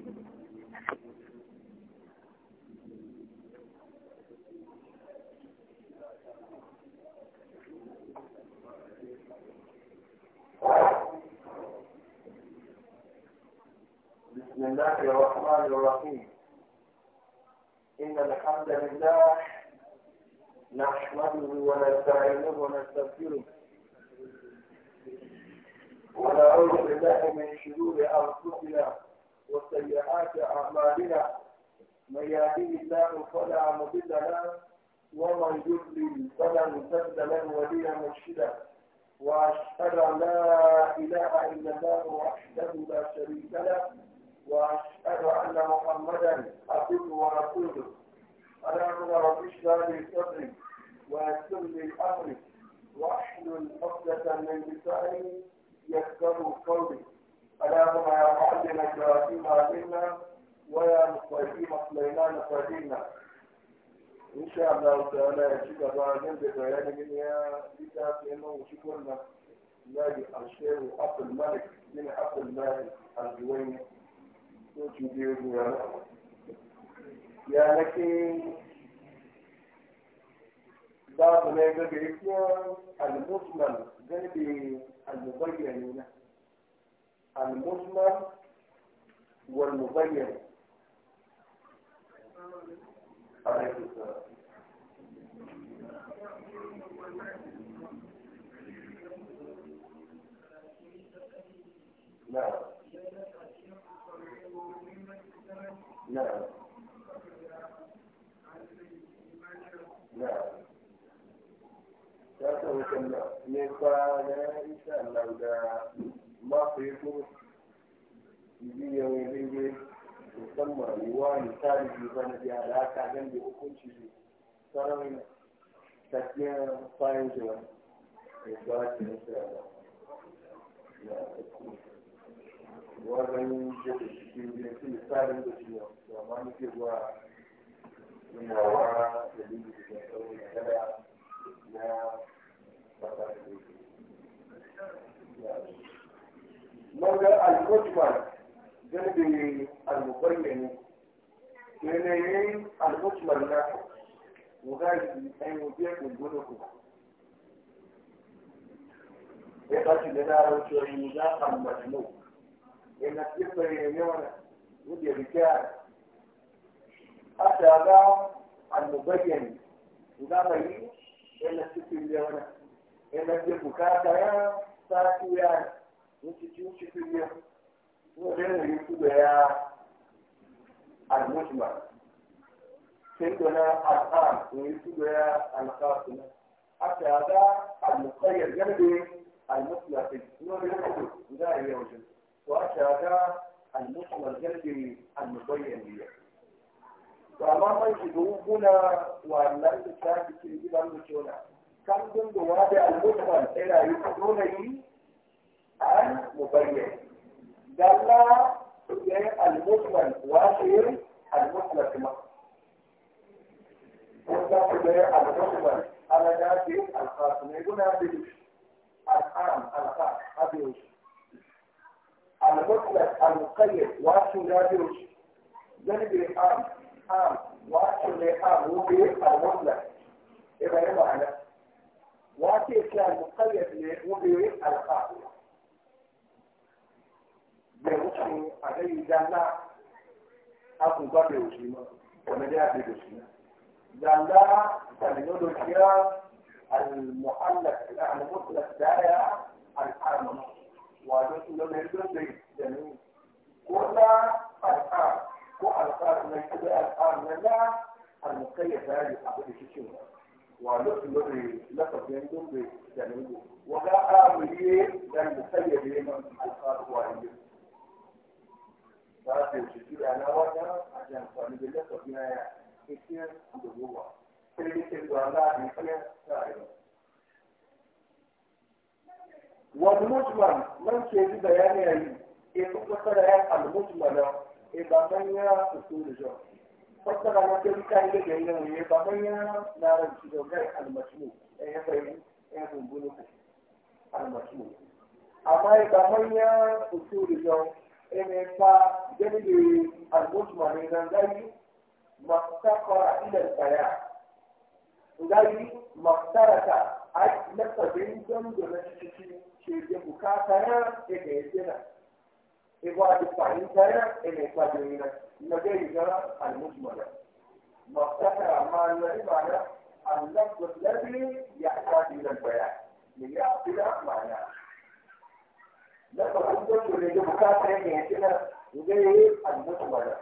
بسم الله الرحمن الرحيم إن الحمد لله نحمده ونستعينه ونستغفره ونعوذ بالله من شرور أنفسنا وسيئات أعمالنا من يهده الله فلا مضل له ومن يضلل فلا تجد له وليا مرشدا واشهد ان لا اله الا الله وحده لا شريك له واشهد ان محمدا عبده ورسوله اللهم رب اشرح لي صدري ويسر لي امري واحلل عقدة من لساني يذكر قولي اللهم يا معلم ابراهيم علمنا ويا مقيم سليمان فهمنا ان شاء الله تعالى يجب بعدين ببيان من يا كتاب انه وشكرنا لاجي الشيخ عبد الملك بن عبد الملك الجويني وتجيب يا رب يا لكن بعض ما يبقى المسلم غير المبين هنا المثمر والمبين عليكم السلام نعم نعم نعم ya sauke na ne kwa na isa lauda ma ku yi kuma biyan rege musamman yiwuwa misali biyu zana biya da aka gan da hukunci ne tsaron tafiyar bayan jiwa da ba ta yi tsira ba wajen yadda cikin biyan su misalin da shi ne amma ni ke zuwa inawa da biyu da ke tsawon kada na ba ta da ya مولا المجمل جنب المبين يلين المجمل له وغادي أي يبيع من بلوكه يقاتل لنا رجعي مجاقا مجموع إن السفر يميون ودي بكار حتى أتى المبين إذا ما يجي إن السفر يميون إن السفر كاتا ساتيان instituto superior, o jornalismo é al-mujmal. Sendo na al-qam, o isso é al-qasim. Até ada al-muqayyad jambi al-mutlaq. Não é isso, não é isso. Até ada al-muqayyad jambi al-muqayyad. Amma mai shigo kuna wannan da ta cikin gidan mutuna. Kan gungun wani al-mutlaq ɗaya yi ko yi المبين دل المجمل وآخر المطلق مصر وده المجمل على ذات الخاص يقول هذه الحام الخاص هذه وش المطلق المقيد وآخر هذه وش ذنب الآن عام وآخر الآن هو المطلق إذا يبقى على وآخر كان مقيد هو الخاص da wuce a kai zanna akun ba da wuce ma kuma da ya fi da shi zanna terminologiya المحلق المطلق دايا الحرم وهذا لون الجندي جميل كل الحرم كل الحرم من كل الحرم لا المقيد هذه حقيقة الشيء ولوس لوري لقب يندم بجنوبه ولا آمريه للمسيب من الخارج وعنده ba kira na wata a jan kwani da lafafi na ya kikiyar da wani mutumin nan ke ji bayani yi. e kuma tsara ya al-mutumala e ba manya usul jo fassara na kai kai da gaina ne ba manya na ran da gai al-mashmu e ya bai e ya bumbulu al-mashmu amma e ba manya usul jo ان جميل المجمل من غير ما افتقر الى البيان غير ما افترك اي نفس بينكم دون شيء شيء بكاتا يجينا إبعاد فهمتها إن إفادينا نجيزا المجملة ما افتقر ما الذي معنى اللفظ الذي يحتاج إلى البيان ليعطينا معناه لكن الحمد لله حكاية يعني عندنا وجاي المجمل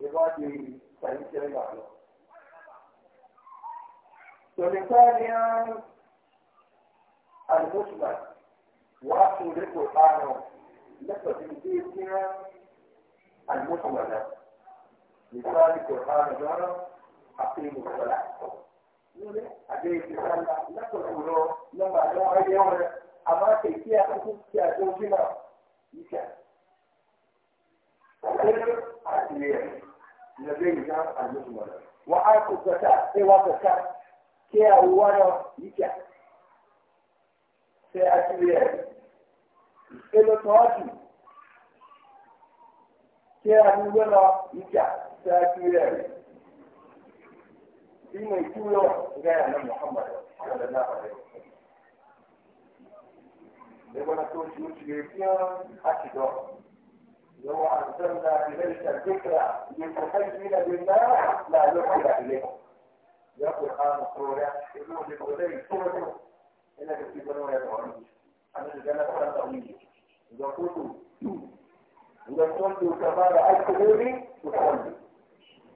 يبادي سعيد كريم عليه ولثانيا المجمل وأصل القرآن لفظ الدين المجملة مثال القرآن جرى أقيموا الصلاة يعني أجيب الصلاة لفظ القلوب لما جاء يوم amma kai kiya a kuka a ɗaukina yika ƙasar asirin na zai ga wa aku zaka sai wa zaka kiya wani yika sai asirin ilo tawaki kiya ni wani yika sai asirin shi mai muhammadu لمن توش يشركون أكدو لو أنزلنا إليك الذكرى لتخيل بالله لا يحيل إليه يا قرآن سورة يقول لبغدي سورة إنك تبنون يدعوني أنا الجنة تنتهي إذا كنت إذا كنت كما رأيت غيري تصلي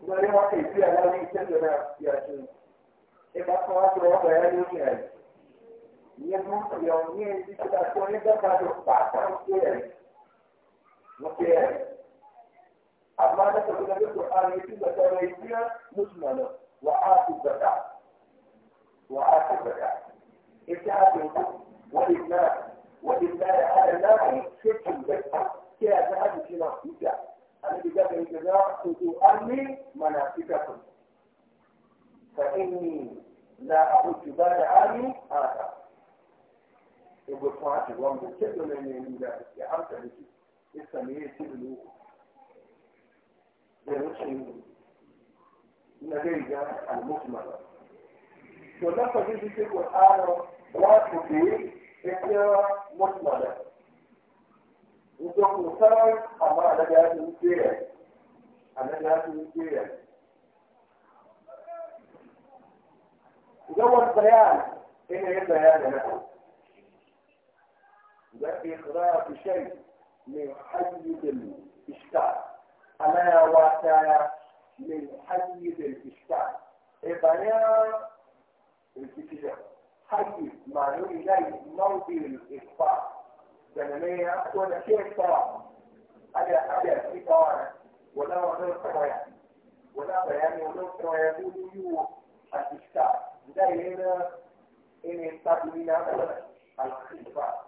ولما كيفية لا يمكن لنا يا شيخ إذا كنت رأيت غيري mismo reuniendo situações da casa passa não quer não quer a mala que eu tenho por ali que da teoria musmana وآتي الزكاة وآتي الزكاة إتعاد ولله ولله على الناس شرك الزكاة كي أذهب في نصيبك أنا بجد الجزاء خذوا أهلي مناسككم فإني لا أحج بعد أهلي آخر يقول فاتي وانبو كده من يمدا يحرك بشي يسميه تبلو بيرشي نتيجة المجملة ولما تجي تقول أنا واثق فيه فكرة مجملة وتقول سبب أما أنا جاهز للكيان أنا جاهز للكيان جوه البيان إيه البيان هنا لإخراج شيء من حيز الإشكال ألا واتايا من حيز الإشكال إبناء الكتاب حيز ما نريد إليه موضع الإخفاء زمنية ولا شيء صار أجل أجل في طوارئ ولا غير طوارئ ولا بيان ولا طوارئ يو الإشكال ده هنا إن التقليل على الخفاء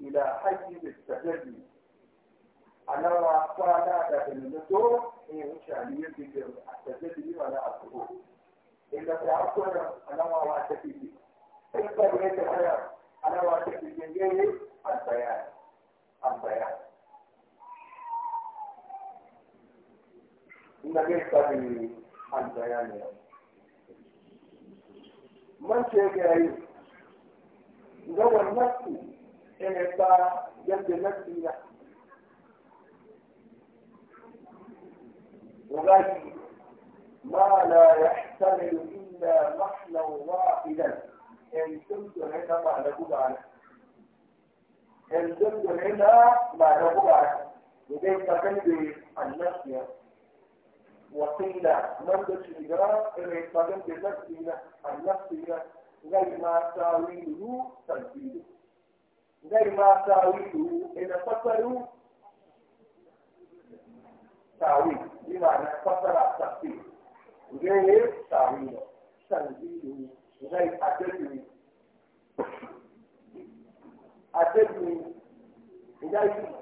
إلى حي التجلي أنا وأخوانا لكن النسور هي شعبية التجلي ولا الظهور إلا في عصر أنا وأتكي في قبلت الحياة أنا وأتكي جنجي البيان البيان نجيت بالبيان من شيء جاي نوع النفسي إعطى يد نفسنا وغني يعني. ما لا يحتمل إلا محلا واحدا إن كنت هنا ما نقول عنه إن كنت هنا ما نقول عنه لذلك تقلب النفس يعني. وقيل من تشجرا إن يستخدم بنفسنا النفسنا يعني. غير ما تاويله تنفيذه غير ما تاويله إن فسروا تاويل بمعنى فسر التفسير غير تاويله تنزيله غير أدله أدله غير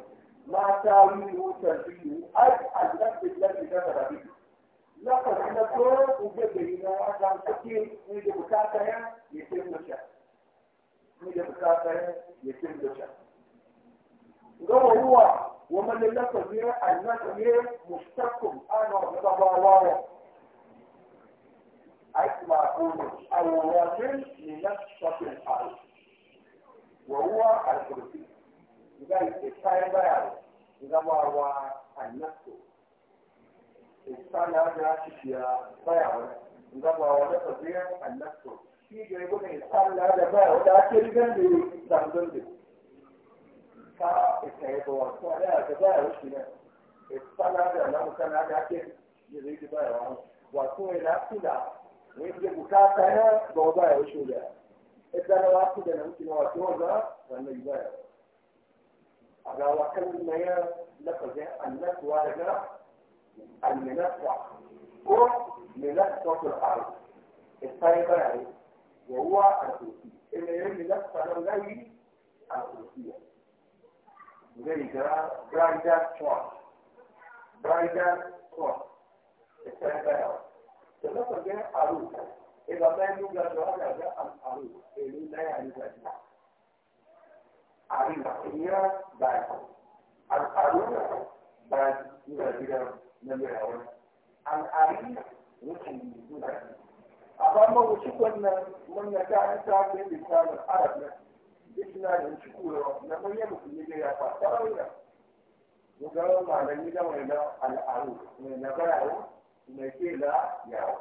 ما تاويله تنزيله أي اللفظ الذي ذكر به لقد نقول وجد هنا عشان كثير يتم الشهر ni da bukata ya cin da can gawa ruwa ومن للاسف هي الناس هي مشتق انا وتضاروا اسمع اقول الواصل لنفس الحال وهو الكرسي اذا الانسان بيعرف اذا ما هو النفس الانسان هذا شيء بيعرف اذا ما هو النفس shi ga yi gudun sallah da ba wata kirgan da yi zangon da ka ita yi bawa ko da ga ba ya shi ne sallah da nan kana da ke yi zai ji ba ya wani wato ya na kula ne ke bukata ya ba ba ya shi da ita na wasu da nan kina wato ga wannan ba ya a ga wakan na ya lafazin annatuwa ga المنفع هو منفع الأرض الطيبة يعني وهو الكرسي إن يرمي نفسه له الكرسي ذلك برايدر شورت برايدر شورت الثلاثة الثلاثة جاء عروس إذا كان يوجد هذا جاء العروس اللي لا يعني ذلك عريضة هي بعد العروس بعد يوجد نمرة العريض ممكن يكون amma ma wuce wannan mun ya ta an ta ga lisanin arab na isna da wuce kuro na mun ya mutum ne ya fa tarawira mu ga malami da mai da al'aru mai na barawo mai ke da yawo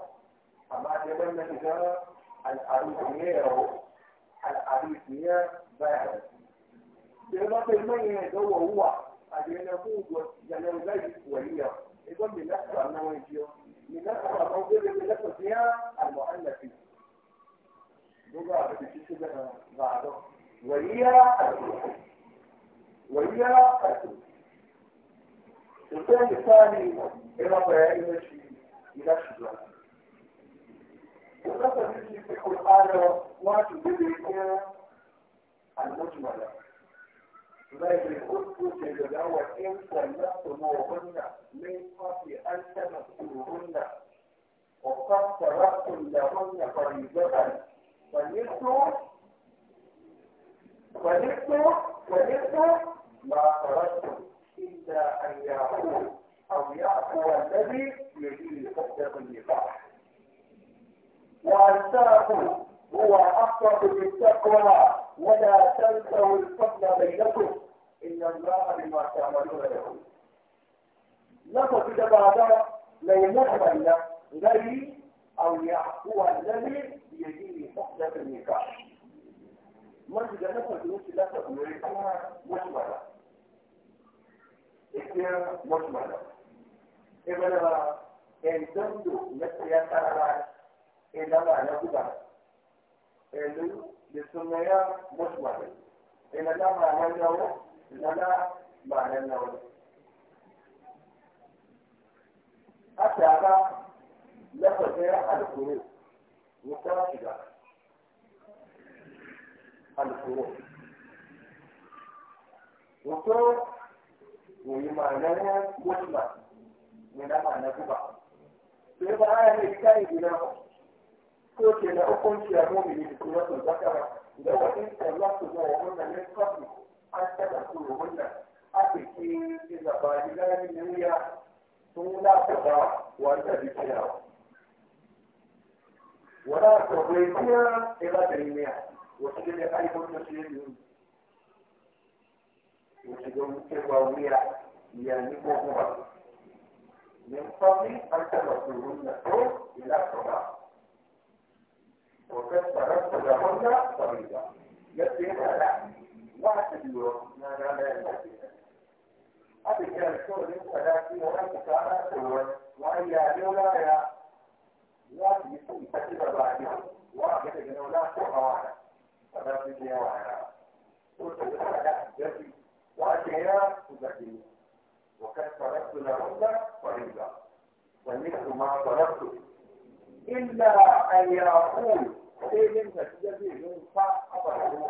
amma da wannan da al'aru ne yawo al'aru ne barawo da ba kai mai da wawuwa a da na ku ga nan zai waliya da bi na sanawai jiyo لنقرأ موضوع اللي لكم فيها المؤلف فيه بقى بتشوف كده بعده وهي وهي الثاني الثاني إلى بيان الشيء إلى الشجرة وقصد يجي في القرآن واتو بالإنسان المجملة ما يقول في الأول إن طلقتموهن من قبل أن تمسوهن وقد تركتم لهن فريضة فنصف فنصف فنصف ما تركتم إلا أن يعفو أو يعفو الذي يجيء حجة النكاح وأن تركوا هو أقرب بالتقوى ولا تنسوا الفضل بينكم إن الله بما تعملون له لقد بعد لا ينهب لي أو يعفو الذي بيده حقدة النكاح من إذا نفذ مثل لقد يريدها مجملة إثنين مجملة إذا إيه إن تبدو مثل يتعرى إنما نبدأ إنه للسنة مجملة إنما نبدأ nana maana na a shaka lafafin alkuru wutar shiga alkuru wuyi ma ne na na guba sai ba a yi ta yi gina ko na hukunci a mumini da kuma sun zakara da wani kallon su zuwa ne an taɓa tsohonnan a cikin gaba gidan yuya sun lakaba wanda bikiya wala ta gwaiya ila da yuya wasu da ya haifar da su yi wasu don cewa wuya yanni ko kuma min fami an taɓa tsohonnan ko ila kaba وقد فرقت لهن فريضة يبقى لا أبي لهن فريضة ومثل ما طلبت إلا أن يقول سيد نتيجة ينفع أبدا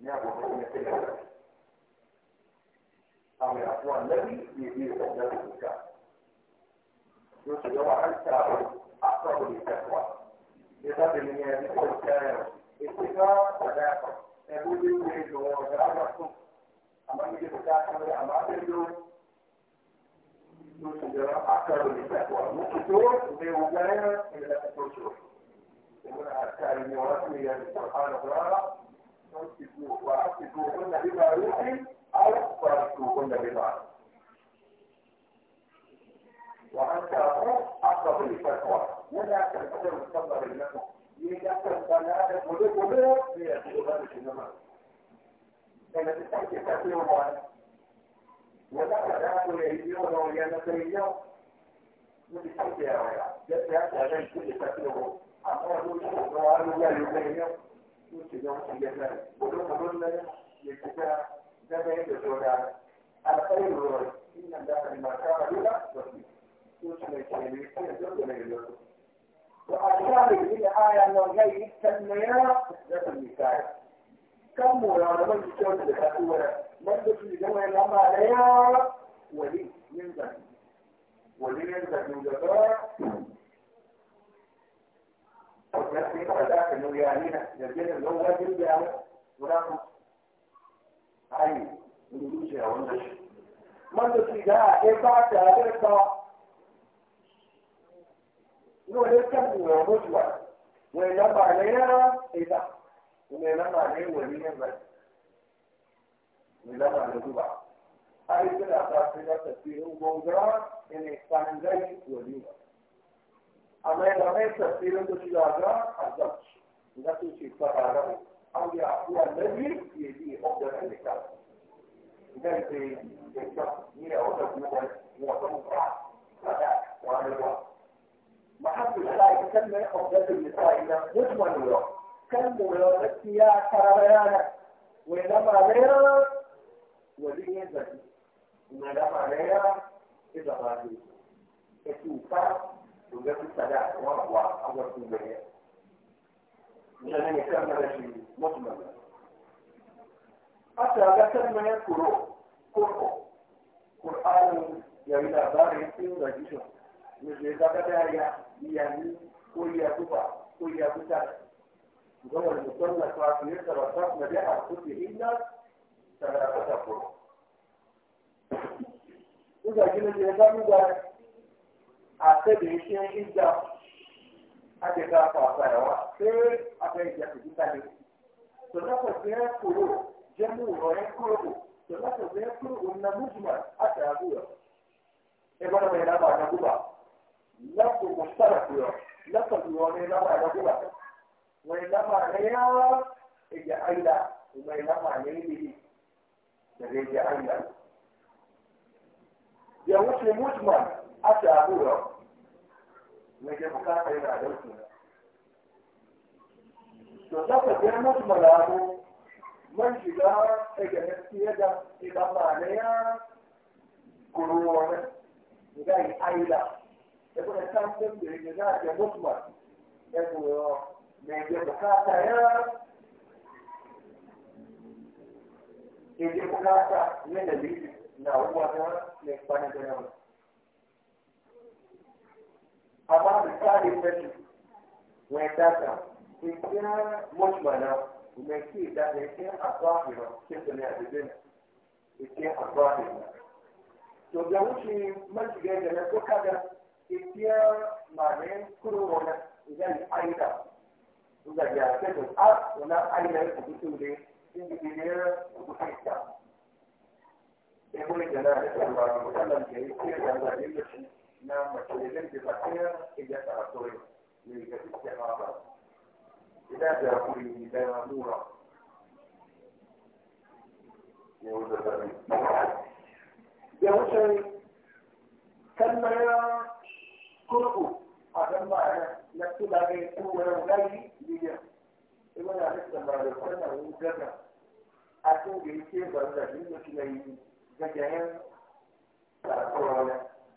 نعم وقوم كلها أو الأسوان الذي يدير قدرة الكعب يوجد واحد كعب أقرب للتقوى بقدر من يدخل كان اتفاق وتعاقب يقول لي ويجي ويجي أما يجي بتاعك أما تجي أكثر من الفتوى مكتور بوجاية إلى الترشح ومن أكثر من رسمية للقرآن القراءة وعاقبوهن بمعروف أو فارقوهن بمعروف وعن تعرف أقرب للفتوى ولا تنتظر الصبر لكم يدخل بلاده ملوك ملوك ليأتي غير النمر كانت تحكي تأتي وضعنا ودخل أهل يهديون ويانسيون وتحكي يا ويا جاءت هذا كل تأتيه أمره يشهد وعنه لا يبينه اتباع الجزاء ويقولون للكتاب ده بيت الجودة على خير الرؤية إن الله بما كان يلا وفيه يوصل الكلمة يقول لنا يقول وأشار إلى آية نوعية تنمية ذات المثال كم مرة من يشوف الخطورة من يشوف الجمع لما عليها ولي ينزل ولي ينزل من جبار Mọ̀tò sìgá ẹgbẹ́ àti àbẹ́kọ́ ní olè kẹ́kùnrin ọmọ jùlọ wọ ẹ̀nà màlẹ́ yára ìta wọ ẹ̀nà màlẹ́ wọ ní ẹgbẹ́ ìta màlẹ́ dùbà. Àìsí àtàkùn ìgbà tẹ̀sí ọgbọ̀n أما إذا ما يستطيع أن تشيل هذا الزوج نفسه يشتغل هذا أو يعطي الذي يجي أقدر أن يكتب ذلك يكتب هي أقدر مثلا معظم هذا وهذا الوقت ما حد لا يسمى أقدر النساء إلى مجمل ولا كم ولا يا كربيانا وإنما عليها ولي ذلك وإنما عليها إذا غادي التوفاق يوجد السلاح وروع أول في الجميع من أن يتأمل شيء مطمئن حتى ذكر من يذكره قرآن قرآن يمين أبار يسير رجيشه مش يزاك يعني كل يتبع كل يتبع هو المصنف في يترصف مبيع الكتب ثلاثة قرآن إذا جينا الإنسان àtẹ̀lẹ́sẹ̀ ìjà àjẹ̀dá àpàtà ẹ̀wà ṣé abẹ́ ìjà tòjú kalẹ̀. Tòlọ́pọ̀ sí ẹ kúrò jẹ́mú ọ̀rọ̀ ẹ kúrò tòlọ́pọ̀ sí ẹ kúrò ọ̀nà mújùmá àti na Ẹ gbọ́dọ̀ bẹ̀rẹ̀ náà bá àdàgùbà. Lọ́pọ̀ kò na kúrò lọ́pọ̀ kò na ní náà bá àdàgùbà. Wọ́n na náà bá àdàgùbà ìjà àyílá ìgbà ìlà máa ní níbi ìjà na bukata yana da to to saka ga mutu malamu man shiga daga gaskiya da idan ba ne ya kuruwa ne ga yi aida da kuma tantan da yake za a ke ya kuruwa ne bukata ya ke bukata yana da na uwa ta ne kwanan da yawa أمام الثالثة ويتاسع إنسان مجملة ومنكي ده إنسان الظاهرة كيف نعبدين إنسان الظاهرة to da wuce man shiga da na duka da ikiya mane kuro wani idan aida da ya ce da a wani aida ya kudu da individiyar kudu da ya kuma jana da kan ba da mutanen da ya ce da zaɓe da shi na makelele debatera ebyatabakolebwa n'ebigabikyama abantu era byakuliriza yamuwa yamushayi kalmaya kurku agamma ana natulage kuwera ugayi liya ibana alisambalo kana ugaga atunge ikebanga lino kilayi gajayan sarakorola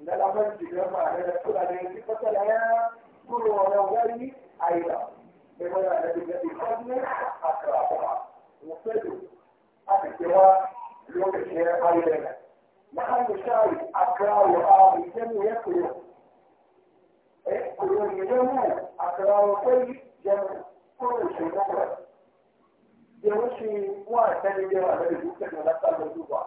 da lafar jirgin fara da kudade su fasa da ya kuro wani wani aida da mana da jirgin da kwanne a karakuma musaddu a cikewa lokacin ya fari da ya na hannu shari a karawo a mutum ya kuro a eh, yi kuro ne da mu a karawo kwai jan kuro shi na kwa da wasu wa ta ne da yawa da duk da na lafar da duba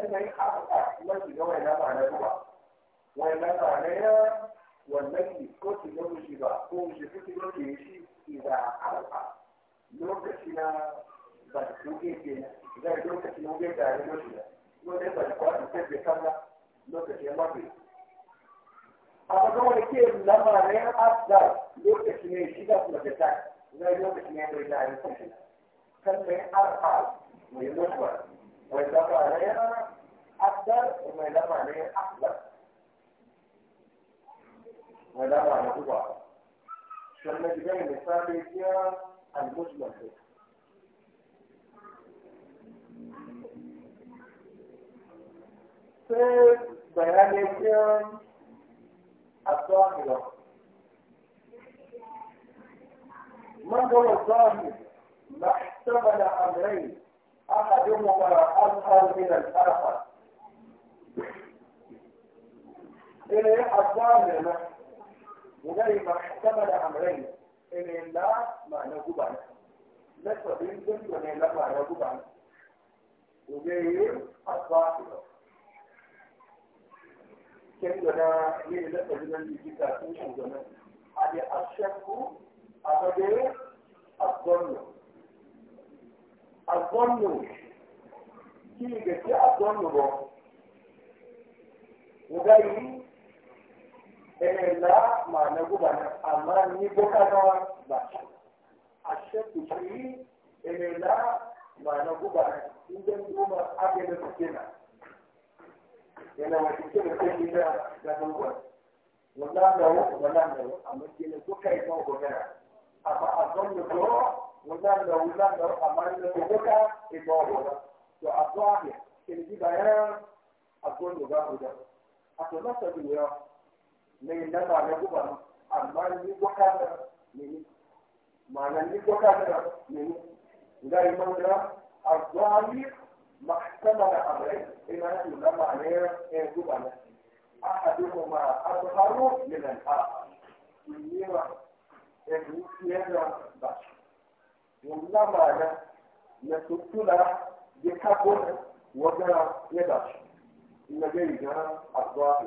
sannan haka kuma ga waina ba na ruwa ya wannan ko ki ga mushi ba ko mushi ko ki ga shi alfa lokaci na ba ke lokaci ga da ba lokaci ya mafi ga wani ke ya lokaci ne shi da kuma ta lokaci ne da ya alfa mai mutuwa wai ya kuma idan ma ne akbar ma da ma ne duba sannan idan misali ya al-muslim sai bayanin yin الظاهرة ما هو الظاهر؟ ما احتمل أمرين أحدهما أظهر من الآخر إلى أفضل لنا وغير ما احتمل أمرين إن لا معنى جبعنا لسه بينزل وإن لا معنى جبعنا وغير أفضل كان لنا إيه لسه بينزل يجي كاتوش وزمان هذه الشك أبدا الظن الظن كي يجي الظن وغير ene ma na guba amma ni boka na ba ene ma na na idan na yana wata ke da da ama guba wannan da wannan da amma ke ne ko a zon da ko wannan da wannan da amma ne ko boka e ba a a mai dafa na guba amma ni gwaka da mene ma'ana ni gwaka da mene ga yi mangara a zuwari mahkama da amurai ina yi na ma'ana yan guba na ahaduhu ma azharu min al-akhar yiwa ebu yadda ba wannan ma'ana na tutula ya kago wajen ya dace na gari na azuwa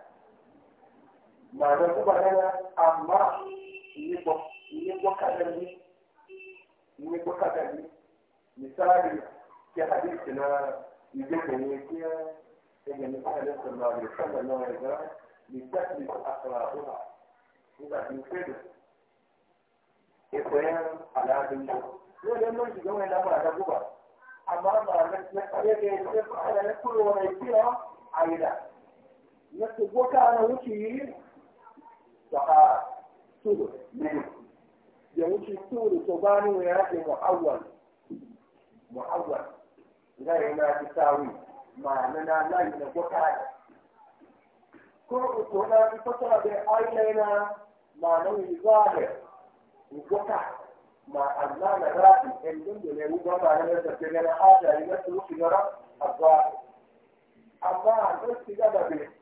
maana kubwa nena amma ilipo ilipo kadari ilipo kadari misali ya hadithi na يجبنيكيا إذا مثلا صلى الله عليه وسلم نوع الزرع لتثبت أسرارها إذا يفيد إخوان على هذا الجو لو لم يجد يوم إلا ما أدبوها أما ما نتحدث يجب على نكل ونيسيها عيدا نتبوك أنا وشيء sahara tudu ne ya wuce tudu to gano ya rage mu'awwal mu'awwal ga na fi sawi ma'ana na layi na gwata ko uku na fi fasara da ayyana ma'ana yi zahir gwata ma Allah na rafi ɗan dundu ne ruwa ba na yadda ta gana hajjari na na rafi a zahir amma a zai da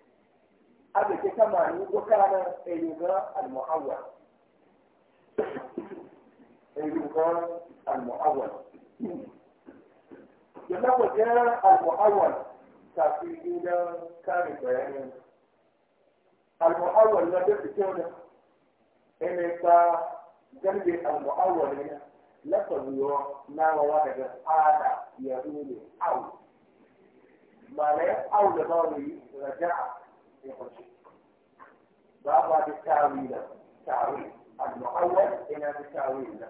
هذا كما وكان أيوغا المعول أيوغا المعول لما جاء المعول تفيدنا كان بيانا المعول لا بيتكون إن جنب المعول هنا لفظ ما وارد هذا يدل أو ما لا أو لضروري رجع بعضها بالتعويل تعويل المؤول إلى بالتعويل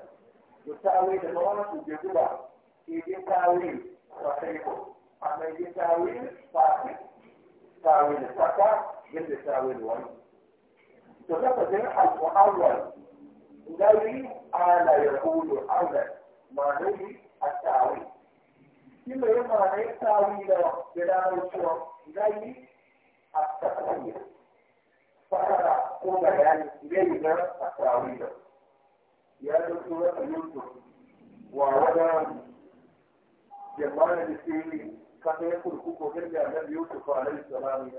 والتعويل المرأة يجدها يجي تعويل صحيح أما في تعويل صحيح تعويل الفتى من تعويل وين تتفق المؤول الذي على يقول أولا ما نجي التعويل كما يمعنى التعويل بلا رسول الذي التقنية فقد قوم يعني إلينا التعويض يا دكتورة يوسف ووضع جمال السيرين كما يقول كوكو جدا النبي يوسف عليه السلام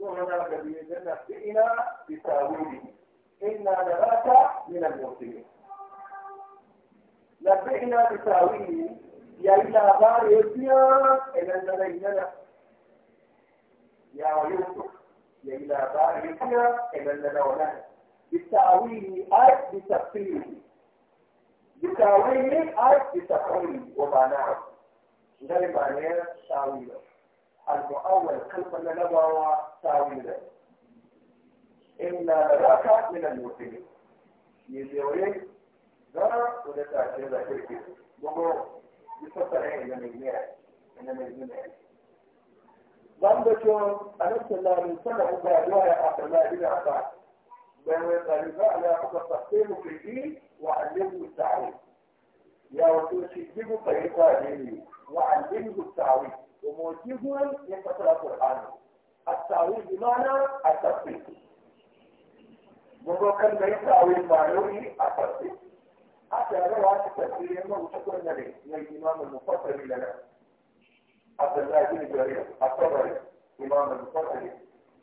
وهنا الذي يجنى بنا بتاويله إنا نراك من المرسلين نبئنا بتاويله يا إلى غار يسير إلى الذين يا ويوسف يا إلى بارك إلى اللون بالتأويل أي بتفسيره بالتأويل أي بتفعيله ومعناه غير معناه تأويله المؤول خلف النبوة تأويله إن لك من المسلمين يجيوين ذرا ولا تأتي ذا كيف بقول يفسر من المياه من المياه بندشون أنا سلا من سنة أبراهيم أخذ لا إلى أبعد بين الغرباء لا أخذ تقسيم في الدين وعلمه التعويض يا وكل شيء طريقة ديني وعلمه التعويض وموجبهم يقرأ القرآن التعويض بمعنى التفسير منذ كان ليس تعويض معنوي التفسير حتى لو أنت تفسير ما وتكون نبي من الإمام المفصل لنا عبد الله بن جرير الطبري إمام البصري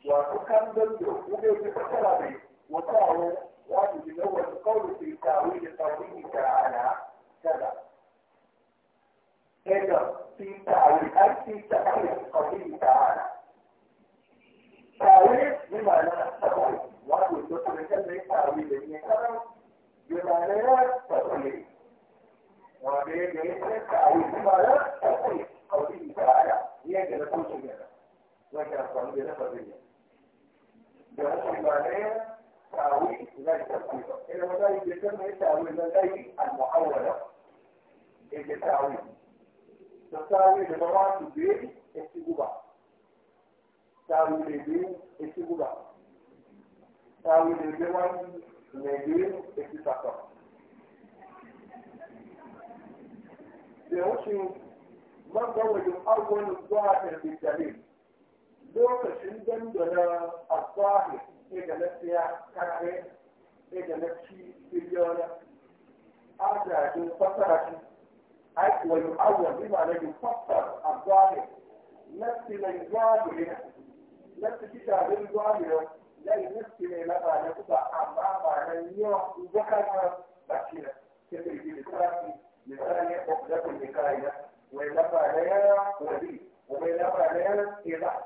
وكان ضده وجد في الطبري وقالوا واجب الأول قول في تأويل قوله تعالى كذا إذا في تأويل أي في تأويل قوله تعالى تأويل بمعنى التأويل واجب الدكتور يسمي kawai ita a ya iya ga na kawai shirya da wani amfani da na farbe ne da wasu bane tawi na ita ce ba ina wata yi ke sanar da tawi na tsayi a ma'awara ita tawi ta tawi da ba ma su biyu ya ci guba tawi da biyu ya ci guba tawi da biyu ya ci guba tawi da biyu ya ci sakon Yeah, what you والزوج zuwa ظاهر بالدليل lokacin dandana a tsari ne da na siya kare ne da na ci biliyona adadin fasara shi ai wa yi awon bi na yi fasar a tsari na zahir nasi na zahirin nasi shi shafin zahirin na yi nasi ne na bane kuka amma ba na zuwa zakar ba shi na sai da yi da tsarafi misali ya kwakwata kun da kayan ويلف عليها ولي ويلف عليها إيضاح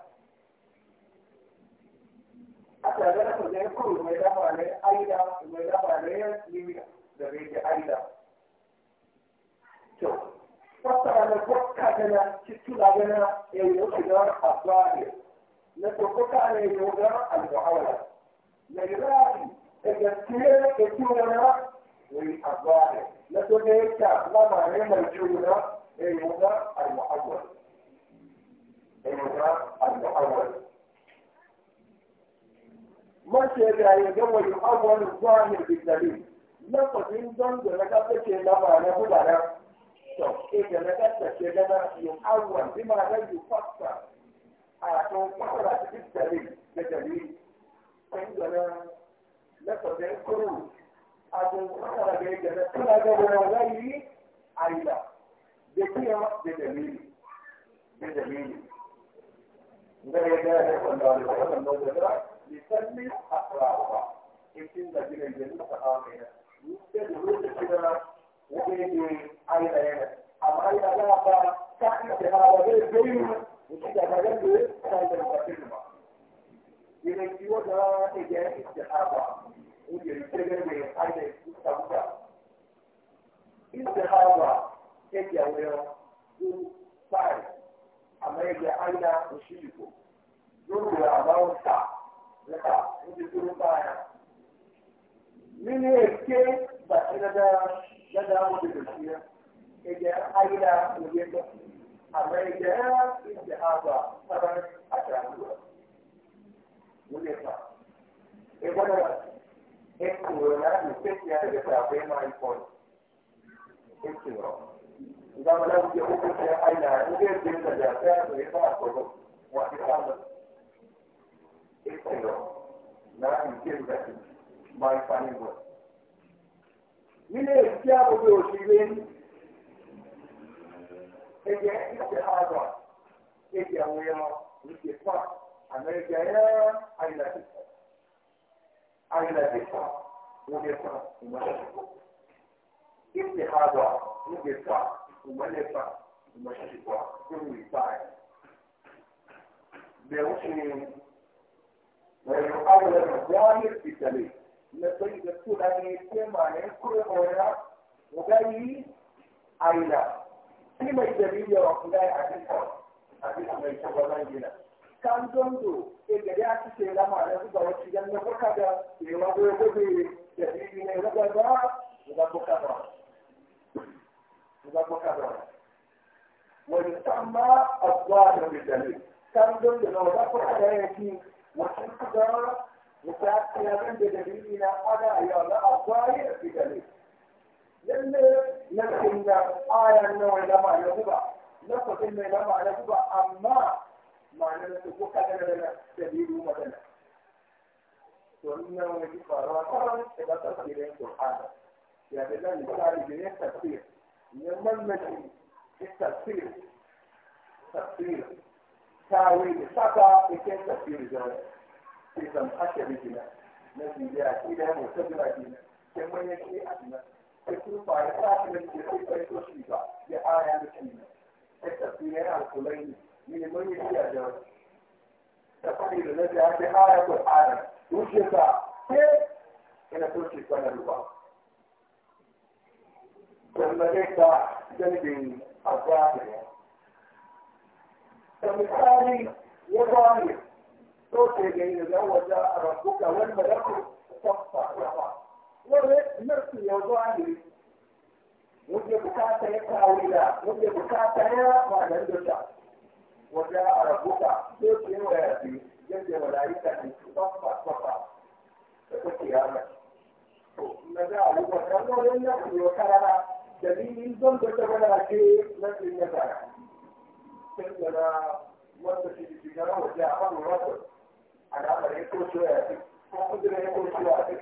حتى ذلك الجانب كله ما يلف عليه أيضا وما يلف عليه ليمينا ده بيجي أيضا شوف فصل أن الفكة لنا تسكيل علينا يوجدر الظاهر نتفك على يوجدر المحاولة لذلك التفكير يكون لنا والظاهر نتفك على ما نعمل جونا المضاف المحول المضاف المحول ماشي لا يجوز الأول الظاهر بالدليل لقد انظر لك تشي لما نقول أنا إذا لك تشي لما يحول بما لا يفسر أعطوا فقرة بالدليل بدليل عندنا لقد انكروا أعطوا فقرة بالدليل كما قالوا غيري عيلا يكيها بدليل بدليل ده يدار ولا ولا ولا يسمي أسرارها يمكن ده بين الجنة والآخرة يستدرون كده وبين عيلة أما عيلة لا تحت هذا غير بين وكده مجال سيد المكلمة إذا كيو ده إجاء استحابة ويجري كده عيلة استحابة استحابة yake aware do five amma yake aina ushiriku dole ya bawo ta laka inda dole baya mini yake ba ina da da da wani da shi yake aina ushiriku amma yake inda haba saban a tarahuwa wani fa e gwada e kuro na da yake ya da ta bai mai point e kuro إذا ما لم يكن شيء أين يجب أن تجاسات ويطاقه واحتفاظ إستيو لا يمكن ذلك ما يفعله من الاختيار بوشيلين إذا استحاضة إذا ويرا الاتفاق أمريكا يا أين تفعل أين تفعل ونفعل ومشاكل استحاضة ونفعل umeleta umeshikwa kwenye ibaya deusi wayoawe wale itali metoize kudaniisema nekure moya ugai aina sima italiya wakudai atika atika maisha kwa mangina kanzondu egeri akisenga mwana kubawochiganyakokaga ewagogobe yadidi nenagaga ugatokaga وبقى كذا ويسمى الظاهر بالدليل كان ضد الأوراق الحياتي والحقدر متأثرا بدليلنا على أيام الظاهر بدليل لأن لكن آية النوع لما يغبى لفظ إنه لما يغبى أما معنى نتبقى كذا دليل مثلا وإنه يجب أن يقرأ إذا تفسير القرآن يعني لا يقرأ تفسير نمنتي التفسير تفسير تاويل ساقا لكي تفسير جواب في سمحة بجنا نسي جاء آية إلى مرتبنا جنا كما يكي أجنا يكون فارقات من جسد ويتوشيبا لآية مكينة التفسير الكلين من من يكي أجنا تفسير نجاة آية القرآن وشفا كيف إن توشيبا نلوها والملائكة جلب الظاهر فبالتالي يظاهر توصل بين الأول جاء ربك والملك صفا صفا ونرسي يظاهر مجھے بکاتا ہے تاویلا مجھے بکاتا ہے معنی دوشا وجاء ربك توصل ويأتي جلد ملائكة صفا صفا فقلت يا رب ماذا أقول لك؟ أنا لم أكن وكرنا dalilin zan da ta gana ke na tsinyata sun gana wanda ke shiga waje a kan wata al'amar ya ko shi ya fi ko kudura ya ko shi ya fi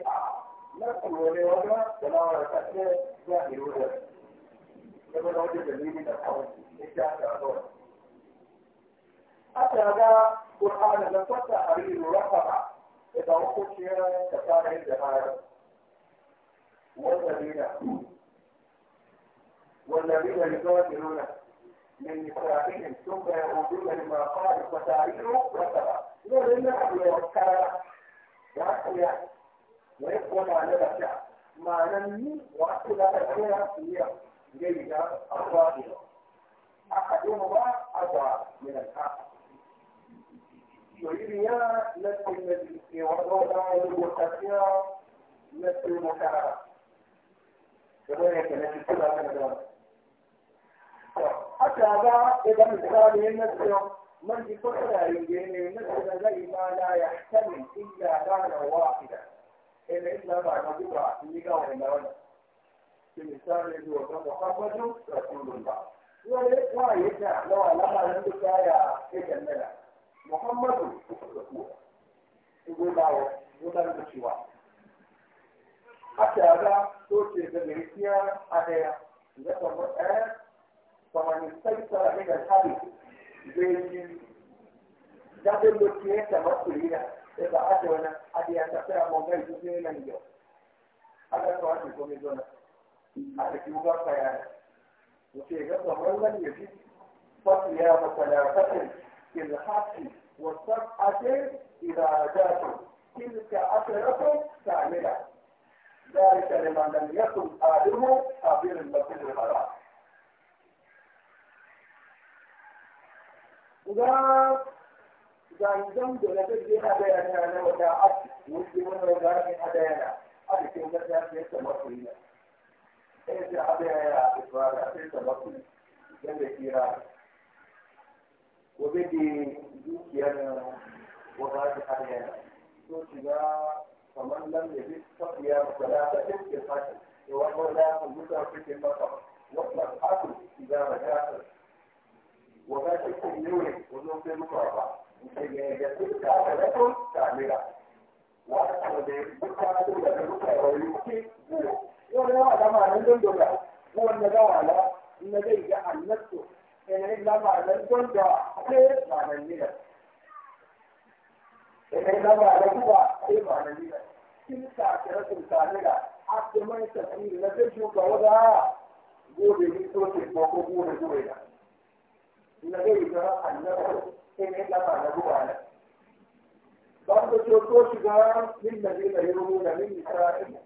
na tsorone wata da lawar ta ce ya ne wuta ya gana wajen dalilin da kawai ya ta ta zuwa a ga ƙur'ana da fata a riru rafa da hukunciyar da fara yin da hayar wanda ne na والذين يجادلون من نسائهم ثم يعودون لما قالوا فتعيروا نور لأن أهل وكالة وأهل ويقول على ما معنى وأهل ذلك هي جيدة الظاهرة أحدهما أضعف من الآخر يريدنا نفس الذي يوضعنا للمتكئة نفس المتعارف كذلك التي كلها من ذلك haka ba idan misali ya nasu man ji kusa yanzu ne nasu da zai ma da ya sani inda ba da wa fida ina eh, ina ba da kuka ni ga wanda wani ki misali ne wa ga muhammadu rasulun ba wani ya ta na labarin da ta ya ke jannada muhammadu su go ba wa mutane da cewa a ta ga so ce a daya Nyɛ tɔmɔ ɛɛ. فمن استيسر من الحديث بين ده كله كيف تمثل هنا يبقى أدونا أدي أتفاع موضعي جزء من اليوم هذا سؤال يكون يدونا هذا كيوغا فيانا وشيء جدا مولا يجب مثلا فصل في الحق والسبعة إذا جاتوا تلك عشرة كاملة ذلك لمن لم يكن آدمه قبل المسجد الحرام ga zanzan da na kaje hadaya na na wata asu wuce wannan zafin hadaya na a cikin gasa sai ta mafi sai ta hadaya ya a fara sai ta mafi don da kira gobe da dukiyar wata ta hadaya na so shiga kamar nan da duk tafiya da ta cikin fata da wannan zafin mutuwa cikin masa wannan asu shiga da gasar wa ba ta ce ne ne ko zo sai muka ba ta ne da su ka ta da ta ne wa ta da buka ta da da ta yi ko ko ne wa da ma nan don da ko wanda da wala in da zai ga annabi sai ne da ma nan don da ke ma nan ne da sai ma da kuwa sai ma ne da kin ta kira sun ta ne da a kuma ta ne da ta shuka wada gobe ni so ce ko ko gobe gobe لغير جرى أنه إن إلا فعله أعلم بعض الشرطوش جاء للذين يرمون من نسائهم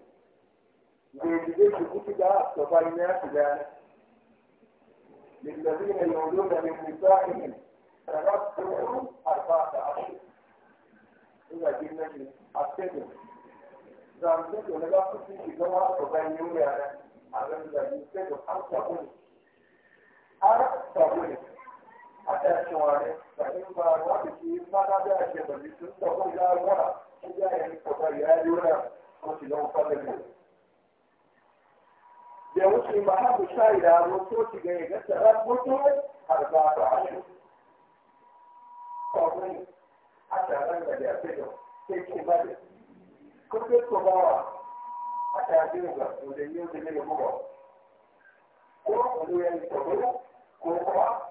بيجيش كتب وبينات ذلك للذين يرمون من نسائهم تربصوا أربعة أشهر إذا جبنا أكتبوا زمزم ولغا كتب جواب وبينوا يعني على الذين يرمون أربعة أشهر حتى شوارع فإن باروا بشيء ما نبع شيء بل يستطيع جاروا شجاع يستطيع يالونا وشلون فضلوا da wuce ba har da shayi da roto shi ga ya gasa ran mutu har za ta hannu. Kawai a taron da ya fi da sai ke ba da kuɗi ko bawa a taron da da yau da yau da buga. Ko wani ya yi tabbata ko kuma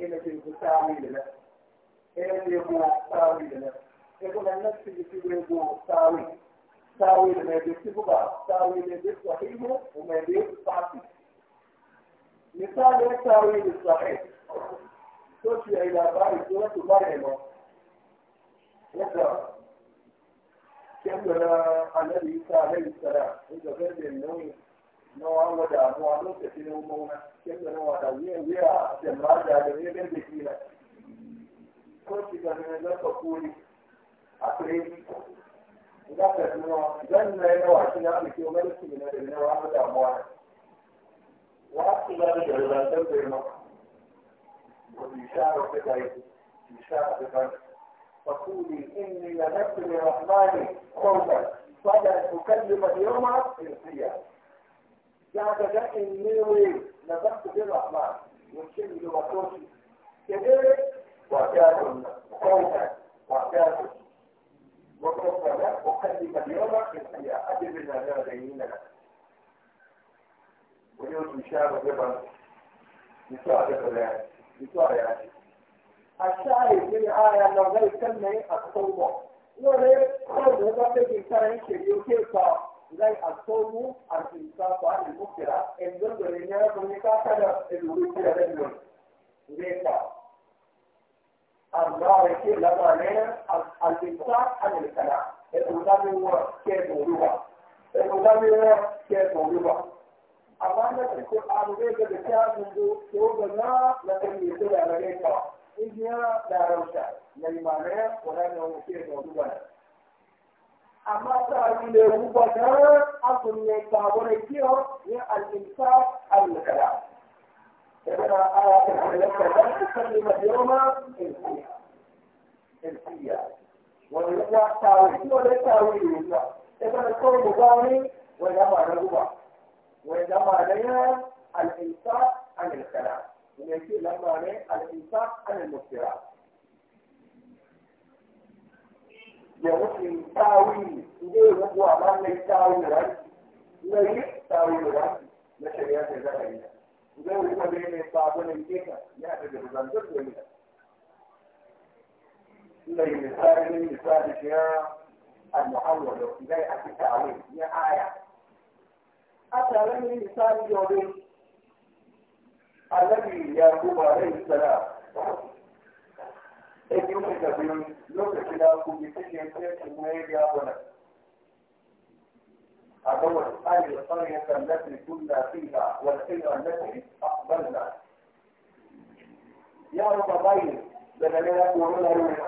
إلى في التعويل له إلى في التعويل له يقول النفس اللي في التعويل التعويل إيه ما يكتبه التعويل يجب صحيحه وما nawa wa damuwa lokaci na mauna yadda nawa da wuya wuya a jamra da da ne gan da kila ko ci ga ne za ka kuri a kredi za ka tuno zan na yi nawa shi na alki wa malaki na da nawa wa damuwa wa su za da rubantar da yana ko bishara ta kai bishara ta kai فقولي إني لنفس لرحمن قوما فلا أكلم اليوم إنسيا جاءت جاء النووي نزلت في الرحمن والشيء اللي وصوشي كذلك وكاد قوما وكاد وقف لا أقلب اليوم في الحياة أجب لنا ديننا ويوجد شاب جبل يسوع جبل يسوع يعشي الشاهد من آية لو غير كلمة الصوم وليه خذ هذا في الإنسان يشير يوكيل صار زي الصوم الانصاف عن المكره الجزء اللي نعرفه نكاح الوجود لدينا ليس الله يكير لما علينا الانصاف عن الكلام الأولاد هو كيف موضوع الأولاد هو كيف موضوع أما أن القرآن ليس بكاف منذ شعوبنا لكن يقول عليك إذن لا روشة لما لا ولم يكير موضوعنا amma ta hanyar da yawu ba ne ba wani kiyo ne al'insa al'ukala. Daga aya ta hanyar da ba ta kalli Wani ya tawo kiyo da tawo yi wuta. Daga da kawai wani ya na ruwa. Wani ya ba ya Wani ya ce lamba ne ya wuce tawili inda ya rubu a nan mai na yi tawili na shari'a ta zaka yi inda ya rubu ne mai sabo na ike ka ya ta da zanzar da na yi misali ne misali shi ya al-muhawwalo inda ya ake tawili ya aya a tare ne misali yau dai الذي يعقوب عليه السلام sai yi da biyu lokaci da ku bi kashe sai mu yi ya wala أدور القرية التي كنا فيها والقرية التي أقبلنا يا رب غير لما لا يقولون لنا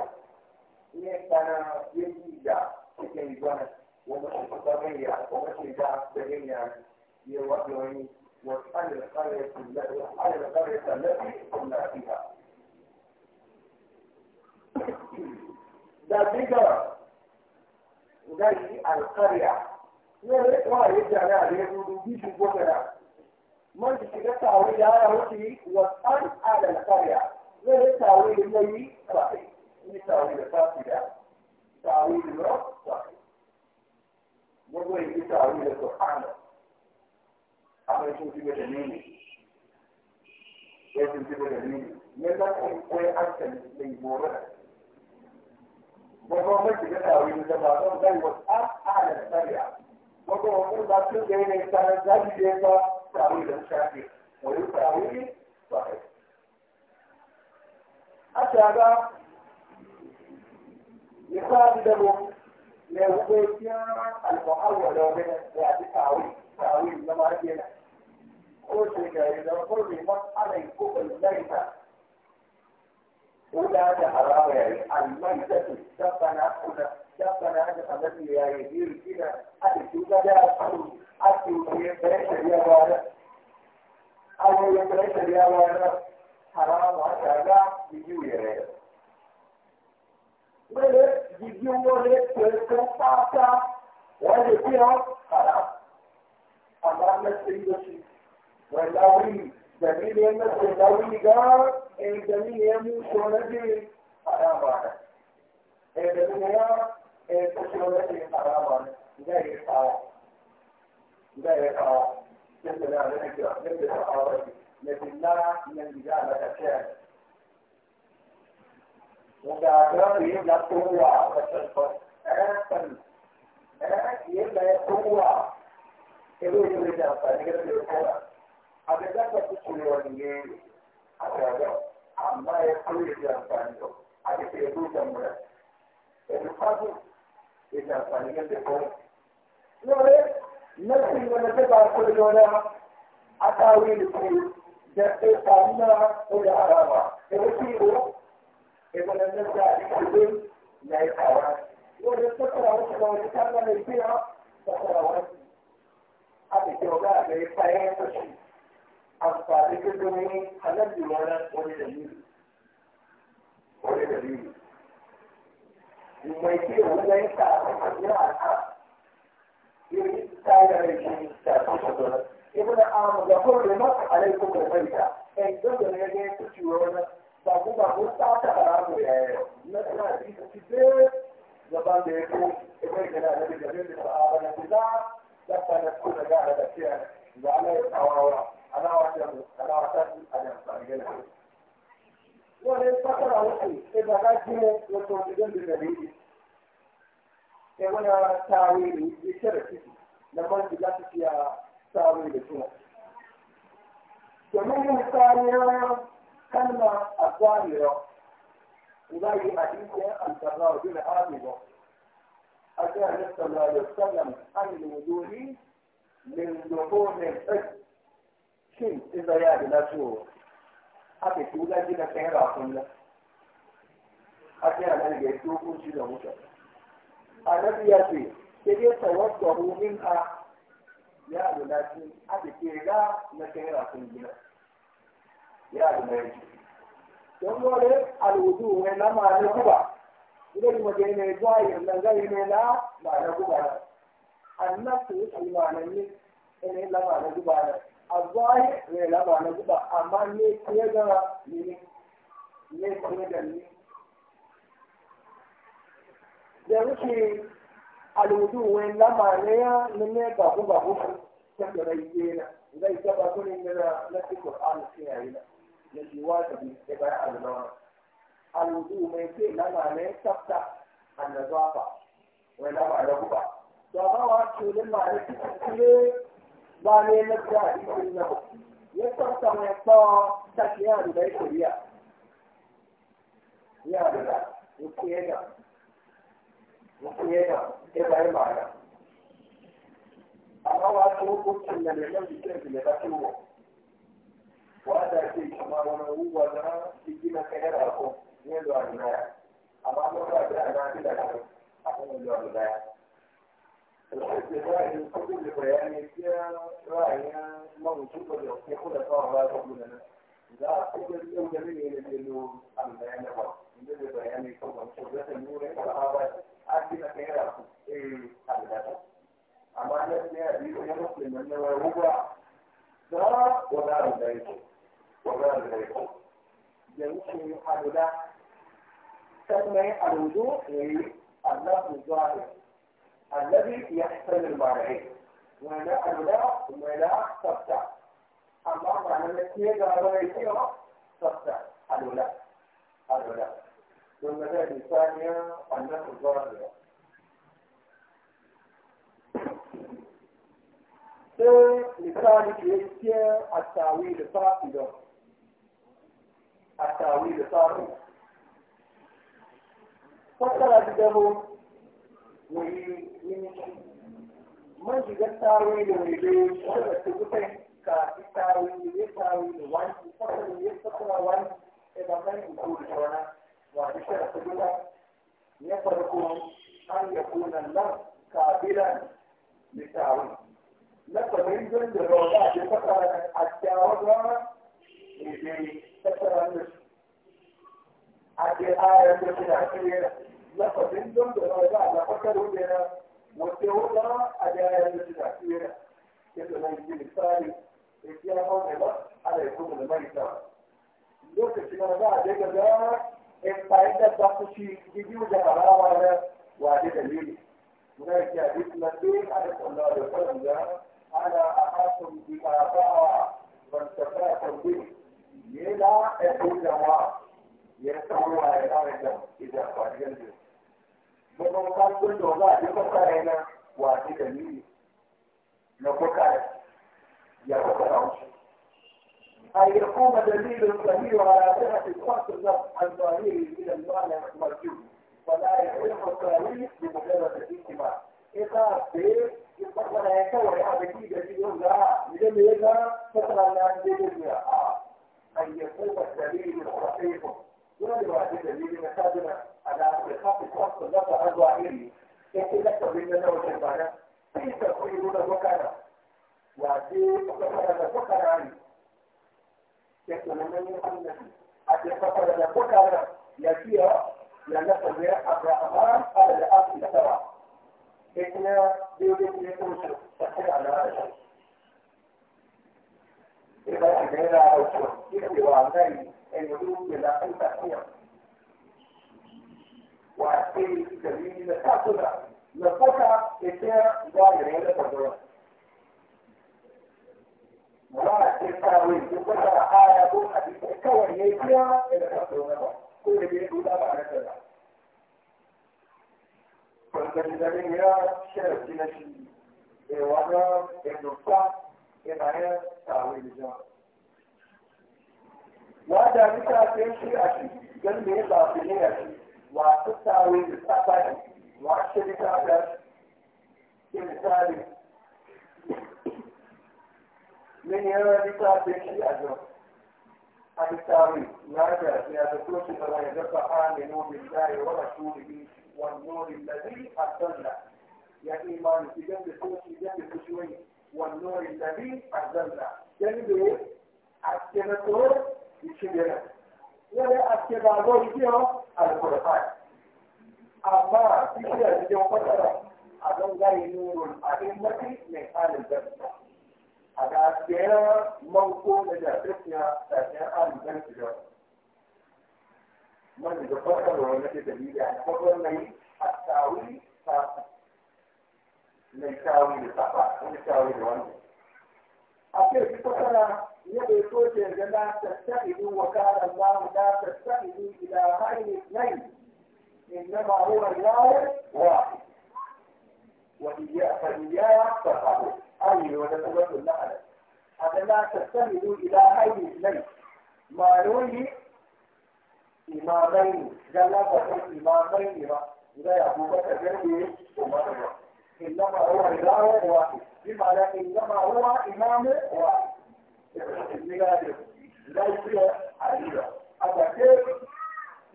يكتنا يجيجا يجيجا ومشي القرية ومشي جاء الدنيا يوحيوني وأهل القرية التي كنا فيها da bigara alkarya yi alkariya ne wa ya jara a ya rudu bi shi shiga tawo ya ya wuce wa an ala alkariya ne ya da ya yi rafi ni tawo ya fasu ya da ya rafi ne ko yi tawo ya qur'ana amma sun shi da nini, ya shi da nini, ne da ko ko an san mai morala gwamnan shiga tawuri da ba zan zai wasu an ala tsariya wanda wani ba su da yanayi tsarin zafi da ya ba tawuri da shafi wani tawuri ba kai a shaga ya sa ni da mu ne alfahar da wani ya ji tawuri tawuri na mariyar ko shekaru da kurbi masu laita ولا تحرار يعني الميتة السفنة السفنة التي يدير فينا السوداء السوداء يبريش اليابانة أو يبريش اليابانة حرام وشعلا بيجيو يريد يعني. بل بيجيو ولد تلك الساعة ولد فيها حرام أمام السيدة ولا وين जमीन एम चेतावनी का एक जमीन एम सोने की आराम आ रहा एक जमीन एम एक सोने की आराम आ रहा जय था जय था जैसे जाने की अपने से आवाज लेकिन ना ये निजा लगा क्या है वो क्या आग्रह ये लगता हुआ बच्चन पर ऐसन ये लगता हुआ ये लोग ये जाता है ये लोग होगा Adedatta tutuyor diye aşağıda ama yapıyor diye anlıyor. Adeti yapıyor diye El fazla ise anlıyor diye konu. Ne var? Nasıl yönete bahsediyorlar? Atavi ilişki, cepte kanına, uyarama. يكون حلال ولا ولا دليل ولا دليل لما يصير هو يسعى يسعى يسعى يسعى ابن عام يقول لمصر عليكم الفيدة ان جزء يجي تشيرون بابو بابو ساعة حرام وياه مثلا في تشيرون زبان بيكون ابن جلال نبي جميل للصحابة الانتزاع لما نكون جاهدة فيها وعلى التواوع أنا وحده أنا وحده أنا وحده ولن تقرأ وحي إذا قدموا وتوجدون بالنبي كما تاويل بشركه لما انتجت فيها تاويل سنة ومن الثانية كلمة الظاهرة إلهي حديث البراء بن عامر أتى النبي صلى الله عليه وسلم عن الوجود من دخول الحج shin iza ya da lafiyowa aka ci wuga gina na yara kullum aka yana da ya dokunci da wuta annabi ya ce ke dai tawassahu min a ya da lafiyowa ke ga na kan yara kullum ya da lafiyowa don dole alwudu ne na ma'ana kuba idan kuma ke ne zahir na zai na ma'ana kuba annabi almananni ne na a zai ne laba na guba amma ne kuma da ni ne kuma da ni da yake alwudu wai lama ne ya nune ba ku ba ku ta da rai yana zai ta ba kun ne na na cikin alƙur'ani sai ya yi ne shi wa ta bi sai ba alwudu alwudu mai ce lama ne tafta na guba da ba وعليه نبدأ إنه يستخدم يقطع تشياء بيت الرياء يا بلا وكيدا وكيدا إذا إما أنا أنا أقول إن الإمام بكيف يبكيه وهذا شيء كما هو ولا يجينا كهذا أقول يلو أنا أما أنا أقول أنا أقول أنا أقول أنا الاتباع يقول لبيان راعيا موجودة يقول الله ربنا إذا أقول الأولى مني لأنه أم بيان الله من البيان يقول موجودة النور إلى الأعراض أكيد كيرا إيه هذا أما أنا أريد أن أسلم أنه هو دار ولا بيت ولا بيت جميع يحاول تسمى الوجوه لله الظاهر الذي يحسن المرعي وانا أنولا ولا تبتع الله معنى نتيجة رأيتها تبتع أنولا ثم ذات الثانية أنه الظاهرة لذلك يجب التعويل الفاقدة التعويل الفاقدة فقرأ بدهم man shiga tawili mai dai wanda ta gutai ka tawili ya tawili wani fasali ya fasala wani sai ba kan in kuri ta wani wa ta shara ta guta ya farko an ya kuna nan kabilan da tawili na kwanin don da rola da fasala a kyawa zuwa mai dai fasala da su a ke ayar da su da ake lafazin don da ba za a lafakar wujera wace wula a jayar da shi tafiyar yadda zai yi misali ya fi yawon da ba ana yi kuma da mai ta lokaci na za a je ga zama in bayan da ba su shi gigi da harawa na waje dalili muna yi kyadi na ɗin a da kwallo da kwallon da ana a hakan bi a ba'a ban tafiya kwallo ne na ɗaya da wa ya sauwa ya ƙara da idan kwallon da kuma ka kullo ba duk ka raina wa ta dalili na kokare ya kuka rauni أن يقوم دليل صحيح على صحة الخط النص عن ظاهره من المعنى المرجوح فلا يحرم التأويل بمجرد الاجتماع إذا بيت يفضل هيك ويعمل جديد يقول لا لم يجا فترة لا تجد أن يقوم الدليل صحيح ولا يعد دليل مساجنا على الخط الخاص النقطة أربع إيري يأتي لك بين لنا والشيطانة في تقويل لنا وكنا وفي تقويل لنا وكنا علي يأتي لنا يقول أتي تقويل لنا وكنا يأتيها لأنك بيع أبراهام على الأرض السبع إحنا بيوجد يكون تحصيل على هذا الشيء إذا كان هذا أو شيء يحتوى على أن يدوم إلى أن تحصيل وأتي كبير لتأخذ لفوتا إتير ظاهرين لتدرس ولا أتي التاويل يقول لها آية دون حديث كون يتير إلى تأخذ كل بيقول أبعد كذا فالتجدرين يا شيخ جنشي إيوانا إبنصا إبعاد تاويل جاء وهذا مثل أتيشي أشي جنبه باطنية أشي وتساوي السفر والشركة بالتالي من يرادك بشيء أجر التاويل ماذا يا دكتور فلا يدفع آمنوا بالله ورسوله والنور الذي أرسلنا يا إيمان في جنب توشي جنب توشي والنور الذي أرسلنا جنب أكتبته يشبهنا ولا أكتب عبوه alkur'an amma duk da cikin fasara a nan zai nurul a'immati min alil dabba a ga tsayar manko da jafirfiya da tsayar alil dabba man da fasara wani da dalili a kwakwar mai a tsawi ta mai tsawi da tsafa wani tsawi da wani a ce fasara يبي توجه لا تتخذوا وكان الله لا تتخذوا إلى إلهين اثنين إنما هو الله واحد وإياه فإياه فقالوا أي ونسبة اللعنة هذا لا تتخذوا إلى إلهين اثنين ما نولي إمامين جل وعلا إمامين إذا أبو بكر جنبي إنما هو إله واحد بمعنى إنما هو إمام واحد lafiya a riba a tafe